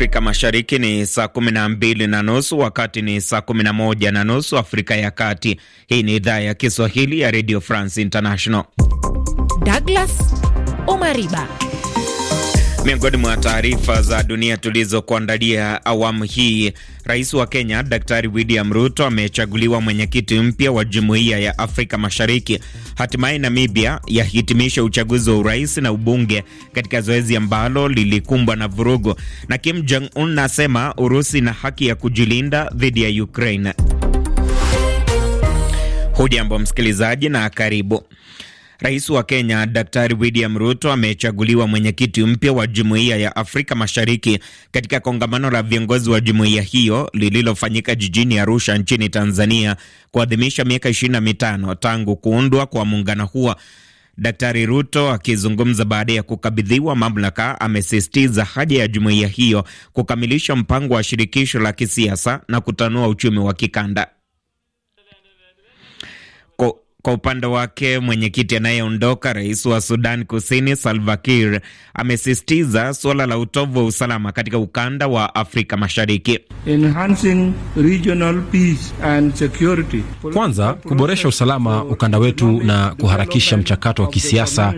Afrika Mashariki ni saa kumi na mbili na nusu wakati ni saa kumi na moja na nusu Afrika ya Kati. Hii ni idhaa ya Kiswahili ya Radio France International. Douglas Omariba Miongoni mwa taarifa za dunia tulizokuandalia awamu hii, rais wa Kenya Daktari William Ruto amechaguliwa mwenyekiti mpya wa Jumuiya ya Afrika Mashariki. Hatimaye Namibia yahitimisha uchaguzi wa urais na ubunge katika zoezi ambalo lilikumbwa na vurugu. Na Kim Jong Un asema Urusi na haki ya kujilinda dhidi ya Ukraine. Hujambo msikilizaji na karibu. Rais wa Kenya Daktari William Ruto amechaguliwa mwenyekiti mpya wa Jumuiya ya Afrika Mashariki katika kongamano la viongozi wa jumuiya hiyo lililofanyika jijini Arusha nchini Tanzania kuadhimisha miaka 25 tangu kuundwa kwa muungano huo. Daktari Ruto akizungumza baada ya kukabidhiwa mamlaka, amesisitiza haja ya jumuiya hiyo kukamilisha mpango wa shirikisho la kisiasa na kutanua uchumi wa kikanda. Kwa upande wake mwenyekiti anayeondoka rais wa Sudan Kusini Salva Kiir amesisitiza suala la utovu wa usalama katika ukanda wa Afrika Mashariki. Enhancing regional peace and security. Kwanza, kuboresha usalama ukanda wetu na kuharakisha mchakato wa kisiasa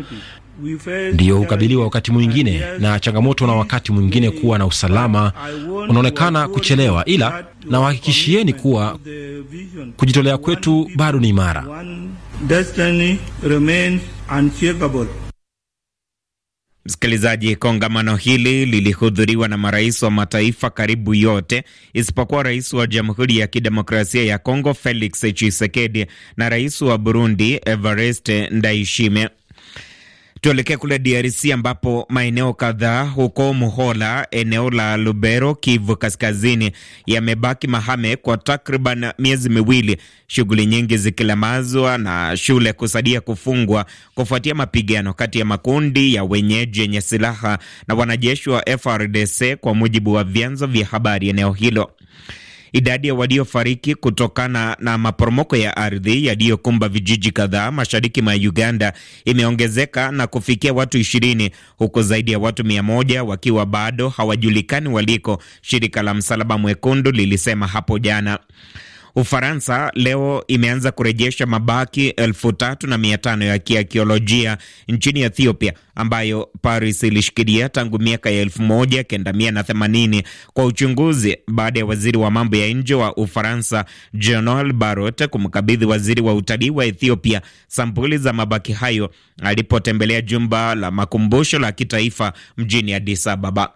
ndiyo hukabiliwa wakati mwingine na changamoto, na wakati mwingine kuwa na usalama unaonekana kuchelewa, ila nawahakikishieni kuwa kujitolea kwetu bado ni imara. Msikilizaji, kongamano hili lilihudhuriwa na marais wa mataifa karibu yote isipokuwa rais wa Jamhuri ya Kidemokrasia ya Kongo Felix Tshisekedi na rais wa Burundi Evariste Ndayishimiye. Tuelekee kule DRC ambapo maeneo kadhaa huko Muhola, eneo la Lubero, Kivu Kaskazini, yamebaki mahame kwa takriban miezi miwili, shughuli nyingi zikilemazwa na shule kusadia kufungwa kufuatia mapigano kati ya makundi ya wenyeji yenye silaha na wanajeshi wa FRDC, kwa mujibu wa vyanzo vya habari eneo hilo. Idadi ya waliofariki kutokana na maporomoko ya ardhi yaliyokumba vijiji kadhaa mashariki mwa Uganda imeongezeka na kufikia watu ishirini huku zaidi ya watu mia moja wakiwa bado hawajulikani waliko, shirika la Msalaba Mwekundu lilisema hapo jana. Ufaransa leo imeanza kurejesha mabaki elfu tatu na mia tano ya kiakiolojia nchini Ethiopia ambayo Paris ilishikilia tangu miaka ya elfu moja kenda mia na themanini kwa uchunguzi baada ya waziri wa mambo ya nje wa Ufaransa jean Barot kumkabidhi waziri wa utalii wa Ethiopia sampuli za mabaki hayo alipotembelea jumba la makumbusho la kitaifa mjini Addis Ababa.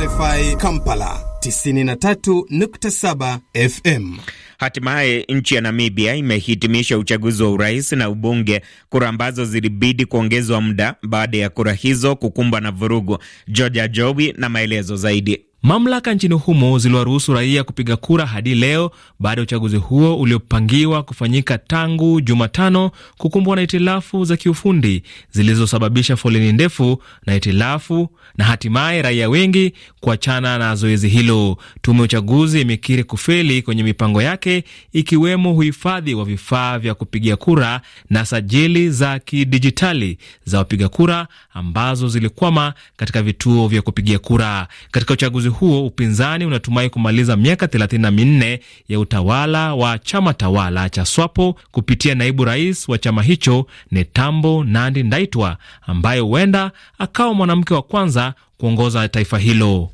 RFI Kampala 93.7 FM. Hatimaye nchi ya Namibia imehitimisha uchaguzi wa urais na ubunge, kura ambazo zilibidi kuongezwa muda baada ya kura hizo kukumbwa na vurugu. Georgia Jowi na maelezo zaidi. Mamlaka nchini humo ziliwaruhusu raia kupiga kura hadi leo baada ya uchaguzi huo uliopangiwa kufanyika tangu Jumatano kukumbwa na itilafu za kiufundi zilizosababisha foleni ndefu na hitilafu na hatimaye raia wengi kuachana na zoezi hilo. Tume ya uchaguzi imekiri kufeli kwenye mipango yake ikiwemo uhifadhi wa vifaa vya kupigia kura na sajili za kidijitali za wapiga kura ambazo zilikwama katika vituo vya kupigia kura katika uchaguzi huo upinzani unatumai kumaliza miaka 34 ya utawala wa chama tawala cha SWAPO kupitia naibu rais wa chama hicho Netambo Nandi Ndaitwa ambaye huenda akawa mwanamke wa kwanza kuongoza taifa hilo.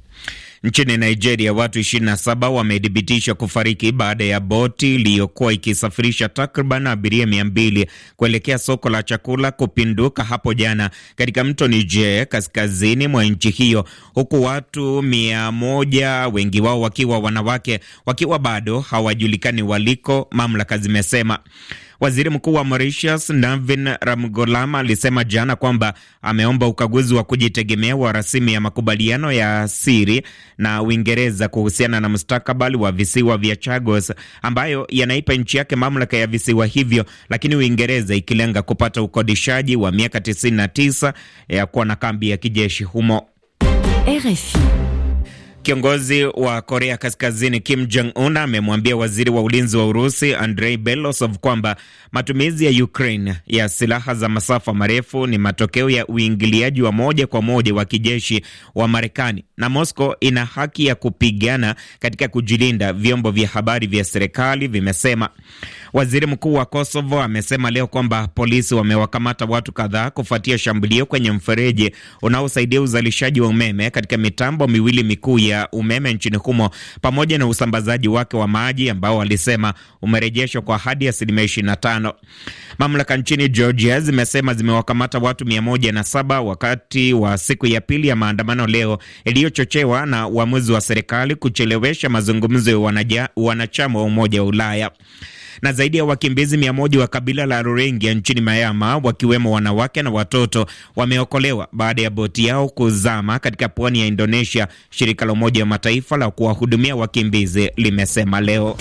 Nchini Nigeria, watu 27 wamethibitishwa kufariki baada ya boti iliyokuwa ikisafirisha takriban abiria 200 kuelekea soko la chakula kupinduka hapo jana katika mto Niger kaskazini mwa nchi hiyo, huku watu 100 wengi wao wakiwa wanawake wakiwa bado hawajulikani waliko, mamlaka zimesema. Waziri mkuu wa Mauritius Navin Ramgoolam alisema jana kwamba ameomba ukaguzi wa kujitegemea wa rasimu ya makubaliano ya siri na Uingereza kuhusiana na mustakabali wa visiwa vya Chagos ambayo yanaipa nchi yake mamlaka ya visiwa hivyo, lakini Uingereza ikilenga kupata ukodishaji wa miaka 99 ya kuwa na kambi ya kijeshi humo. RFI. Kiongozi wa Korea Kaskazini Kim Jong Un amemwambia waziri wa ulinzi wa Urusi Andrei Belosov kwamba matumizi ya Ukraine ya silaha za masafa marefu ni matokeo ya uingiliaji wa moja kwa moja wa kijeshi wa Marekani na Moscow ina haki ya kupigana katika kujilinda, vyombo vya habari vya serikali vimesema. Waziri mkuu wa Kosovo amesema leo kwamba polisi wamewakamata watu kadhaa kufuatia shambulio kwenye mfereji unaosaidia uzalishaji wa umeme katika mitambo miwili mikuu ya umeme nchini humo pamoja na usambazaji wake wa maji ambao walisema umerejeshwa kwa hadi asilimia ishirini na tano. Mamlaka nchini Georgia zimesema zimewakamata watu 107 wakati wa siku ya pili ya maandamano leo iliyochochewa na uamuzi wa serikali kuchelewesha mazungumzo ya wanachama wa Umoja wa Ulaya na zaidi ya wakimbizi mia moja wa kabila la Rohingya nchini Myanmar wakiwemo wanawake na watoto wameokolewa baada ya boti yao kuzama katika pwani ya Indonesia, shirika la Umoja wa Mataifa la kuwahudumia wakimbizi limesema leo.